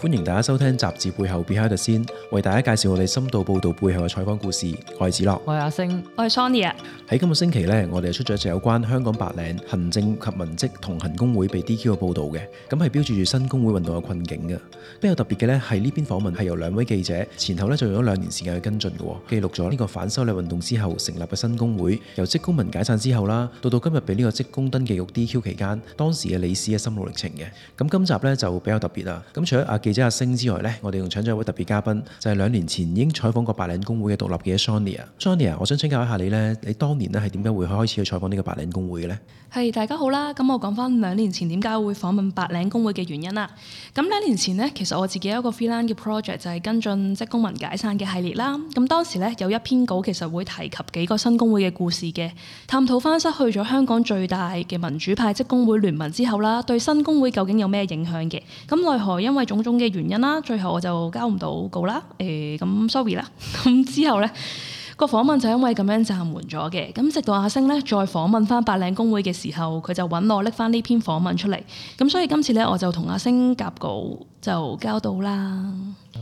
歡迎大家收聽集誌背後別開特先，為大家介紹我哋深度報道背後嘅採訪故事。我係子樂，我係阿星，我係 Sonia。喺今個星期呢，我哋出咗一集有關香港白領行政及文職同行工會被 DQ 嘅報道嘅，咁係標誌住新工會運動嘅困境嘅。比較特別嘅呢係呢篇訪問係由兩位記者前後呢就用咗兩年時間去跟進噶，記錄咗呢個反修例運動之後成立嘅新工會，由職工盟解散之後啦，到到今日被呢個職工登記局 DQ 期間，當時嘅理事嘅心路歷程嘅。咁今集呢就比較特別啊，咁阿記者阿升之外咧，我哋仲請咗一位特別嘉賓，就係、是、兩年前已經採訪過白領工會嘅獨立記者 Sonia。Sonia，我想請教一下你呢，你當年咧係點解會開始去採訪呢個白領工會嘅呢？係大家好啦，咁我講翻兩年前點解會訪問白領工會嘅原因啦。咁兩年前呢，其實我自己有一個 freelance 嘅 project，就係跟進職工盟解散嘅系列啦。咁當時呢，有一篇稿，其實會提及幾個新工會嘅故事嘅，探討翻失去咗香港最大嘅民主派職工會聯盟之後啦，對新工會究竟有咩影響嘅？咁奈何因為種種嘅原因啦，最後我就交唔到稿啦，誒、欸、咁 sorry 啦。咁 之後呢個訪問就因為咁樣就暫緩咗嘅。咁直到阿星呢再訪問翻白領工會嘅時候，佢就揾我拎翻呢篇訪問出嚟。咁所以今次呢，我就同阿星夾稿就交到啦。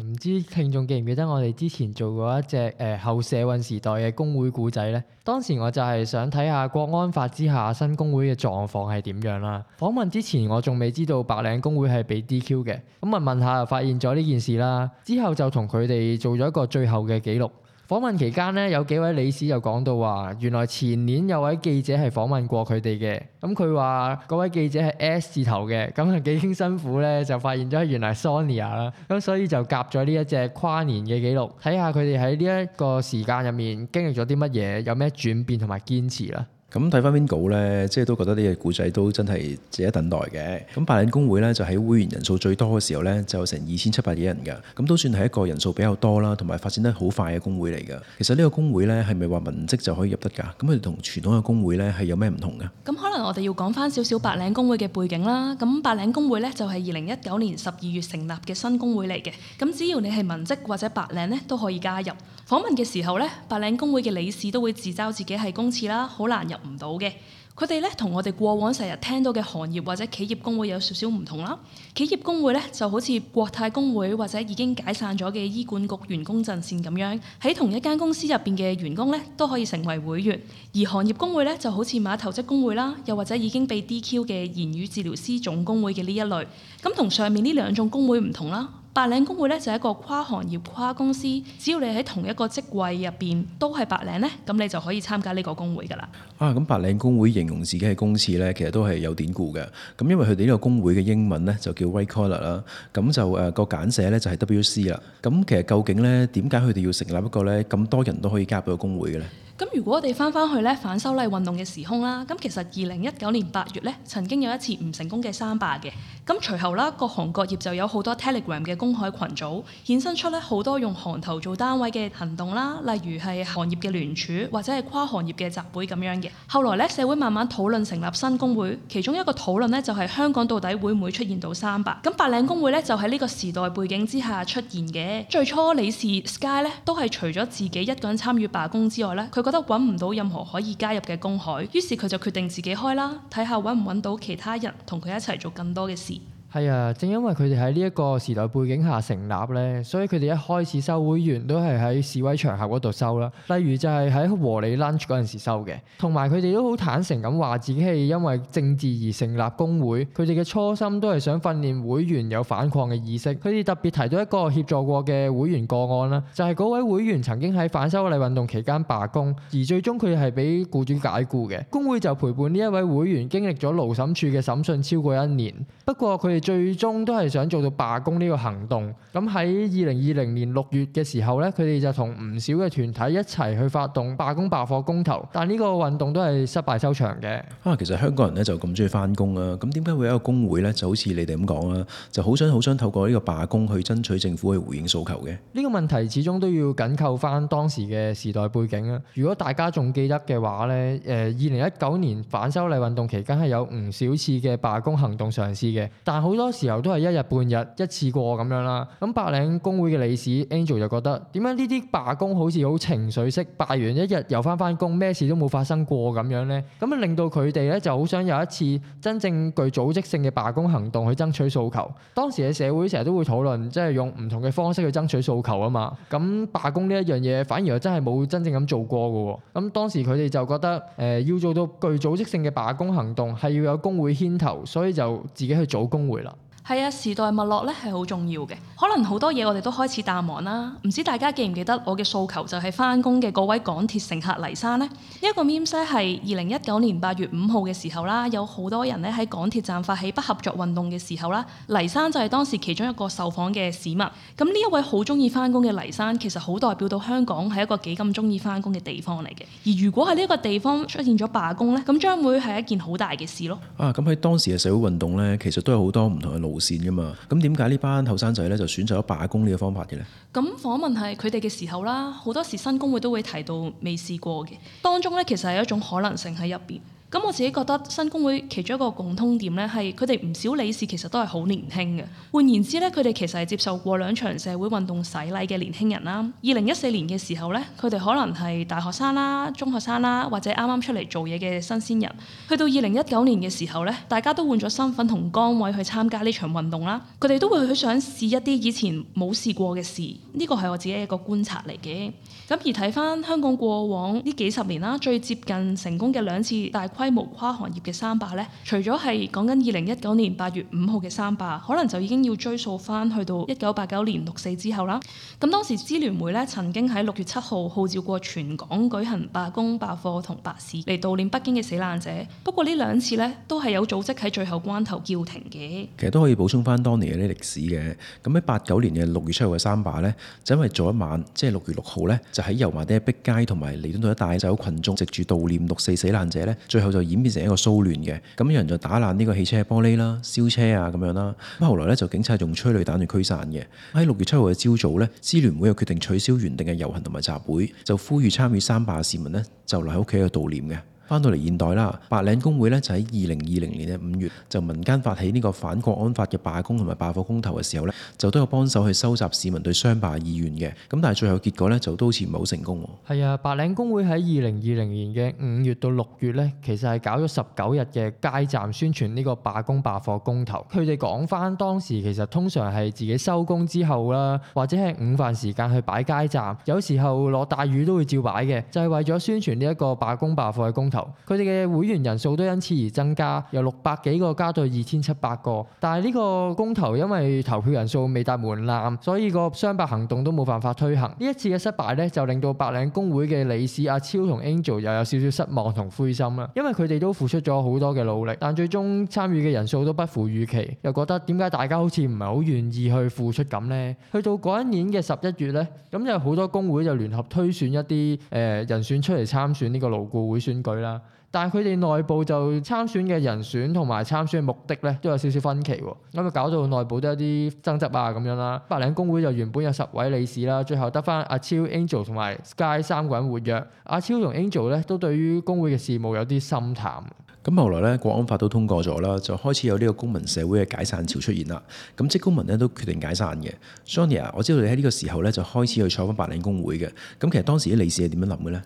唔知聽眾記唔記得我哋之前做過一隻誒、呃、後社運時代嘅工會古仔呢？當時我就係想睇下國安法之下新工會嘅狀況係點樣啦。訪問之前我仲未知道白領工會係被 DQ 嘅，咁問問下又發現咗呢件事啦。之後就同佢哋做咗一個最後嘅記錄。訪問期間咧，有幾位理事就講到話，原來前年有位記者係訪問過佢哋嘅，咁佢話嗰位記者係 S 字頭嘅，咁幾經辛苦咧就發現咗原來係 Sonia 啦，咁所以就夾咗呢一隻跨年嘅記錄，睇下佢哋喺呢一個時間入面經歷咗啲乜嘢，有咩轉變同埋堅持啦。咁睇翻篇稿呢？Ingo，即係都覺得呢個古仔都真係值得等待嘅。咁白領工會呢，就喺會員人數最多嘅時候呢，就有成二千七百幾人㗎。咁都算係一個人數比較多啦，同埋發展得好快嘅工會嚟㗎。其實呢個工會呢，係咪話文職就可以入得㗎？咁佢哋同傳統嘅工會呢，係有咩唔同嘅？咁可能我哋要講翻少少白領工會嘅背景啦。咁白領工會呢，就係二零一九年十二月成立嘅新工會嚟嘅。咁只要你係文職或者白領呢，都可以加入。訪問嘅時候呢，白領工會嘅理事都會自嘲自己係公廁啦，好難入。唔到嘅，佢哋咧同我哋過往成日聽到嘅行業或者企業工會有少少唔同啦。企業工會咧就好似國泰工會或者已經解散咗嘅醫管局員工陣線咁樣，喺同一間公司入邊嘅員工咧都可以成為會員。而行業工會咧就好似碼頭職工會啦，又或者已經被 DQ 嘅言語治療師總工會嘅呢一類，咁同上面呢兩種工會唔同啦。白領工會咧就係、是、一個跨行業、跨公司，只要你喺同一個職位入邊都係白領咧，咁你就可以參加呢個工會噶啦。啊，咁白領工會形容自己嘅公廁咧，其實都係有典故嘅。咁因為佢哋呢個工會嘅英文咧就叫 White Collar 啦，咁就誒個簡寫咧就係 WC 啦。咁其實究竟咧點解佢哋要成立一個咧咁多人都可以加入到個工會嘅咧？咁如果我哋翻翻去咧反修例運動嘅時空啦，咁其實二零一九年八月咧曾經有一次唔成功嘅三罷嘅，咁隨後啦各行各業就有好多 Telegram 嘅工。工會群組衍生出咧好多用行頭做單位嘅行動啦，例如係行業嘅聯署或者係跨行業嘅集會咁樣嘅。後來咧社會慢慢討論成立新工會，其中一個討論咧就係香港到底會唔會出現到三白？咁白領工會咧就喺呢個時代背景之下出現嘅。最初理事 Sky 咧都係除咗自己一個人參與罷工之外咧，佢覺得揾唔到任何可以加入嘅工會，於是佢就決定自己開啦，睇下揾唔揾到其他人同佢一齊做更多嘅事。係啊，正因為佢哋喺呢一個時代背景下成立咧，所以佢哋一開始收會員都係喺示威場合嗰度收啦。例如就係喺和理 lunch 嗰陣時收嘅，同埋佢哋都好坦誠咁話自己係因為政治而成立工會。佢哋嘅初心都係想訓練會員有反抗嘅意識。佢哋特別提到一個協助過嘅會員個案啦，就係、是、嗰位會員曾經喺反修例運動期間罷工，而最終佢係俾僱主解僱嘅。工會就陪伴呢一位會員經歷咗勞審處嘅審訊超過一年。不過佢最終都係想做到罷工呢個行動。咁喺二零二零年六月嘅時候呢，佢哋就同唔少嘅團體一齊去發動罷工、罷課、公投，但呢個運動都係失敗收場嘅。啊，其實香港人咧就咁鍾意返工啊！咁點解會有一個工會呢？就好似你哋咁講啦，就好想好想透過呢個罷工去爭取政府去回應訴求嘅？呢個問題始終都要緊扣返當時嘅時代背景啊。如果大家仲記得嘅話呢，誒，二零一九年反修例運動期間係有唔少次嘅罷工行動嘗試嘅，但好多時候都係一日半日一次過咁樣啦。咁白領工會嘅理事 Angel 就覺得點解呢啲罷工好似好情緒式，罷完一日又翻返工，咩事都冇發生過咁樣呢？咁啊令到佢哋咧就好想有一次真正具組織性嘅罷工行動去爭取訴求。當時嘅社會成日都會討論，即係用唔同嘅方式去爭取訴求啊嘛。咁罷工呢一樣嘢反而又真係冇真正咁做過嘅喎。咁當時佢哋就覺得誒要做到具組織性嘅罷工行動係要有工會牽頭，所以就自己去組工會。對了。係啊，時代脈絡咧係好重要嘅，可能好多嘢我哋都開始淡忘啦。唔知大家記唔記得我嘅訴求就係翻工嘅嗰位港鐵乘客黎生呢。呢、這、一個面 e 係二零一九年八月五號嘅時候啦，有好多人咧喺港鐵站發起不合作運動嘅時候啦，黎生就係當時其中一個受訪嘅市民。咁呢一位好中意翻工嘅黎生，其實好代表到香港係一個幾咁中意翻工嘅地方嚟嘅。而如果喺呢個地方出現咗罷工呢，咁將會係一件好大嘅事咯。啊，咁喺當時嘅社會運動呢，其實都有好多唔同嘅路。線噶嘛？咁點解呢班後生仔咧就選擇咗罷工呢個方法嘅咧？咁訪問係佢哋嘅時候啦，好多時新工會都會提到未試過嘅，當中咧其實係有一種可能性喺入邊。咁我自己覺得新工會其中一個共通點咧，係佢哋唔少理事其實都係好年輕嘅。換言之咧，佢哋其實係接受過兩場社會運動洗禮嘅年輕人啦。二零一四年嘅時候咧，佢哋可能係大學生啦、中學生啦，或者啱啱出嚟做嘢嘅新鮮人。去到二零一九年嘅時候咧，大家都換咗身份同崗位去參加呢場運動啦。佢哋都會去想試一啲以前冇試過嘅事，呢、這個係我自己一個觀察嚟嘅。咁而睇返香港過往呢幾十年啦，最接近成功嘅兩次大規模跨行業嘅三罷咧，除咗係講緊二零一九年八月五號嘅三罷，可能就已經要追溯翻去到一九八九年六四之後啦。咁當時支聯會咧，曾經喺六月七號號召過全港舉行罷工、罷課同罷市嚟悼念北京嘅死難者，不過呢兩次呢，都係有組織喺最後關頭叫停嘅。其實都可以補充翻當年嘅啲歷史嘅。咁喺八九年嘅六月七號嘅三罷呢，就因為早一晚，即係六月六號呢，就喺油麻地碧街同埋彌敦道一帶走群羣眾藉住悼念六四死難者呢。最後，就演變成一個騷亂嘅，咁有人就打爛呢個汽車嘅玻璃啦、燒車啊咁樣啦。咁後來咧，就警察用催淚彈去驅散嘅。喺六月七號嘅朝早咧，支聯會又決定取消原定嘅遊行同埋集會，就呼籲參與三罷嘅市民咧，就留喺屋企度悼念嘅。翻到嚟現代啦，白領工會咧就喺二零二零年嘅五月就民間發起呢個反國安法嘅罷工同埋罷課公投嘅時候咧，就都有幫手去收集市民對雙罷意願嘅。咁但係最後結果咧，就都好似唔係好成功。係啊，白領工會喺二零二零年嘅五月到六月咧，其實係搞咗十九日嘅街站宣傳呢個罷工罷課公投。佢哋講翻當時其實通常係自己收工之後啦，或者係午飯時間去擺街站，有時候落大雨都會照擺嘅，就係、是、為咗宣傳呢一個罷工罷課嘅公投。佢哋嘅會員人數都因此而增加，由六百幾個加到二千七百個。但係呢個公投因為投票人數未達門檻，所以個雙百行動都冇辦法推行。呢一次嘅失敗咧，就令到白領工會嘅理事阿超同 Angel 又有少少失望同灰心啦。因為佢哋都付出咗好多嘅努力，但最終參與嘅人數都不符預期，又覺得點解大家好似唔係好願意去付出咁呢？去到嗰一年嘅十一月咧，咁有好多工會就聯合推選一啲誒、呃、人選出嚟參選呢個勞顧會選舉啦。但係佢哋內部就參選嘅人選同埋參選嘅目的咧，都有少少分歧，咁就搞到內部都有啲爭執啊咁樣啦。白領工會就原本有十位理事啦，最後得翻阿超、Angel 同埋 Sky 三個人活躍。阿超同 Angel 咧都對於工會嘅事務有啲心淡。咁後來咧，國安法都通過咗啦,就開始有呢個公民社會嘅解散潮出現啦。咁即公民咧都決定解散嘅。Sonia，我知道你喺呢個時候咧就開始去採訪白領工會嘅。咁其實當時啲理事係點樣諗嘅咧？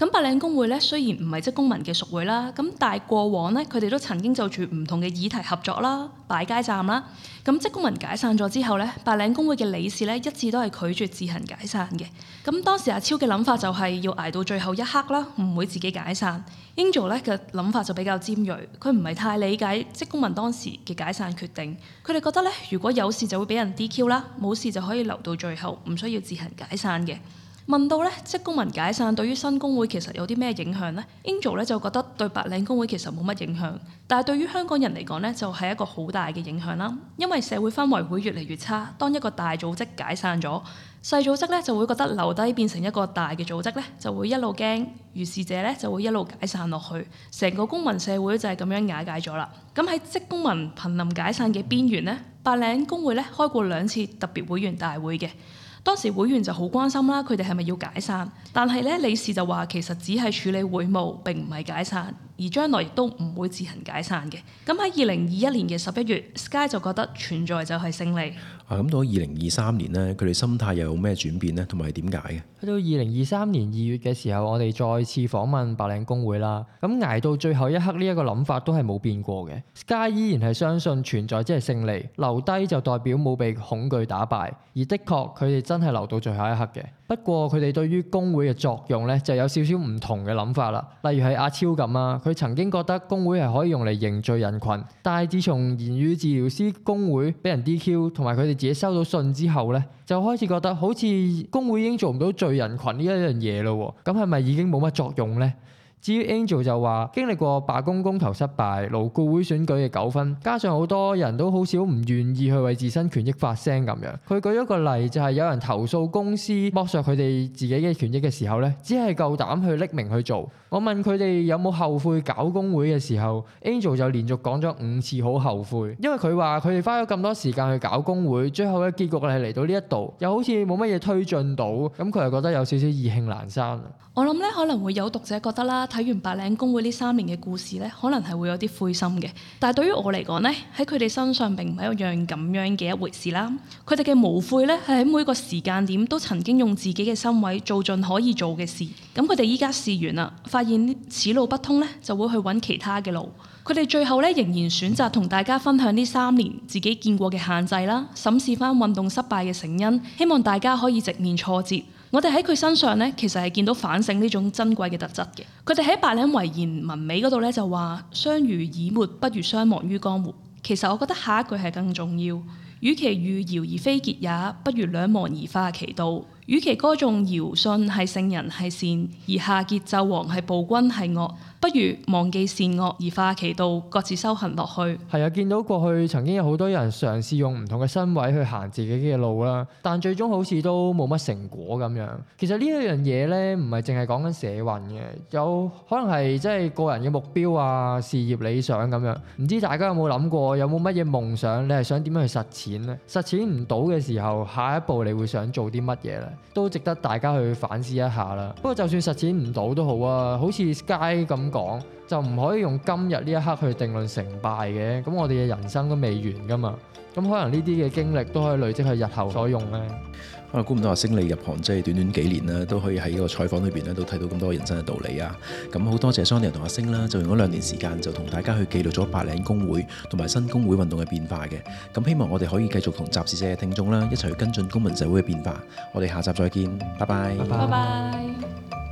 咁白領工會咧，雖然唔係職工盟嘅屬會啦，咁但係過往呢，佢哋都曾經就住唔同嘅議題合作啦、擺街站啦。咁職工盟解散咗之後呢，白領工會嘅理事呢，一致都係拒絕自行解散嘅。咁當時阿超嘅諗法就係要捱到最後一刻啦，唔會自己解散。Angel 呢嘅諗法就比較尖銳，佢唔係太理解職工盟當時嘅解散決定。佢哋覺得呢，如果有事就會俾人 DQ 啦，冇事就可以留到最後，唔需要自行解散嘅。問到咧，職工盟解散對於新工會其實有啲咩影響呢？Angel 就覺得對白領工會其實冇乜影響，但係對於香港人嚟講呢就係一個好大嘅影響啦。因為社會氛圍會越嚟越差，當一個大組織解散咗，細組織咧就會覺得留低變成一個大嘅組織咧，就會一路驚，如是者咧就會一路解散落去，成個公民社會就係咁樣瓦解咗啦。咁喺職工盟瀕臨解散嘅邊緣呢，白領工會咧開過兩次特別會員大會嘅。當時會員就好關心啦，佢哋係咪要解散？但係咧，理事就話其實只係處理會務，並唔係解散。而將來亦都唔會自行解散嘅。咁喺二零二一年嘅十一月，Sky 就覺得存在就係勝利。啊，咁到二零二三年咧，佢哋心態又有咩轉變咧？同埋係點解嘅？去到二零二三年二月嘅時候，我哋再次訪問白領工會啦。咁、嗯、捱到最後一刻呢一個諗法都係冇變過嘅。Sky 依然係相信存在即係勝利，留低就代表冇被恐懼打敗。而的確，佢哋真係留到最後一刻嘅。不過佢哋對於工會嘅作用咧，就有少少唔同嘅諗法啦。例如係阿超咁啊，佢曾經覺得工會係可以用嚟凝聚人群，但係自從言語治療師工會俾人 DQ 同埋佢哋自己收到信之後咧，就開始覺得好似工會已經做唔到聚人群呢一樣嘢咯。咁係咪已經冇乜作用咧？至於 Angel 就話經歷過罷工公投失敗、勞顧會選舉嘅糾紛，加上好多人都好少唔願意去為自身權益發聲咁樣。佢舉咗個例就係有人投訴公司剝削佢哋自己嘅權益嘅時候咧，只係夠膽去匿名去做。我問佢哋有冇後悔搞工會嘅時候，Angel 就連續講咗五次好後悔，因為佢話佢哋花咗咁多時間去搞工會，最後嘅結局係嚟到呢一度，又好似冇乜嘢推進到，咁佢又覺得有少少意興闌珊我呢。我諗咧可能會有讀者覺得啦，睇完白領工會呢三年嘅故事咧，可能係會有啲灰心嘅。但係對於我嚟講咧，喺佢哋身上並唔係一樣咁樣嘅一回事啦。佢哋嘅無悔咧，係喺每個時間點都曾經用自己嘅身位做盡可以做嘅事。咁佢哋依家試完啦，發現此路不通咧，就會去搵其他嘅路。佢哋最後咧仍然選擇同大家分享呢三年自己見過嘅限制啦，審視翻運動失敗嘅成因，希望大家可以直面挫折。我哋喺佢身上咧，其實係見到反省呢種珍貴嘅特質嘅。佢哋喺白領遺言文尾嗰度咧就話：相濡以沫不如相忘於江湖。其實我覺得下一句係更重要：與其譽堯而非桀也，不如兩忘而化其道。與其歌頌堯舜係聖人係善，而夏桀紂王係暴君係惡，不如忘記善惡而化其道，各自修行落去。係啊，見到過去曾經有好多人嘗試用唔同嘅身位去行自己嘅路啦，但最終好似都冇乜成果咁樣。其實呢一樣嘢咧，唔係淨係講緊社運嘅，有可能係即係個人嘅目標啊、事業理想咁樣。唔知大家有冇諗過，有冇乜嘢夢想？你係想點樣去實踐咧？實踐唔到嘅時候，下一步你會想做啲乜嘢咧？都值得大家去反思一下啦。不過就算實踐唔到都好啊，好似 Sky 咁講。就唔可以用今日呢一刻去定論成敗嘅，咁我哋嘅人生都未完㗎嘛，咁可能呢啲嘅經歷都可以累積喺日後所用咧。我估唔到阿升你入行即係短短幾年啦，都可以喺呢個採訪裏邊咧都睇到咁多人生嘅道理啊！咁好多謝 Sonia 同阿升啦，就用嗰兩年時間就同大家去記錄咗白領工會同埋新工會運動嘅變化嘅。咁希望我哋可以繼續同集誌社嘅聽眾啦一齊去跟進公民社會嘅變化。我哋下集再見，拜拜。拜拜。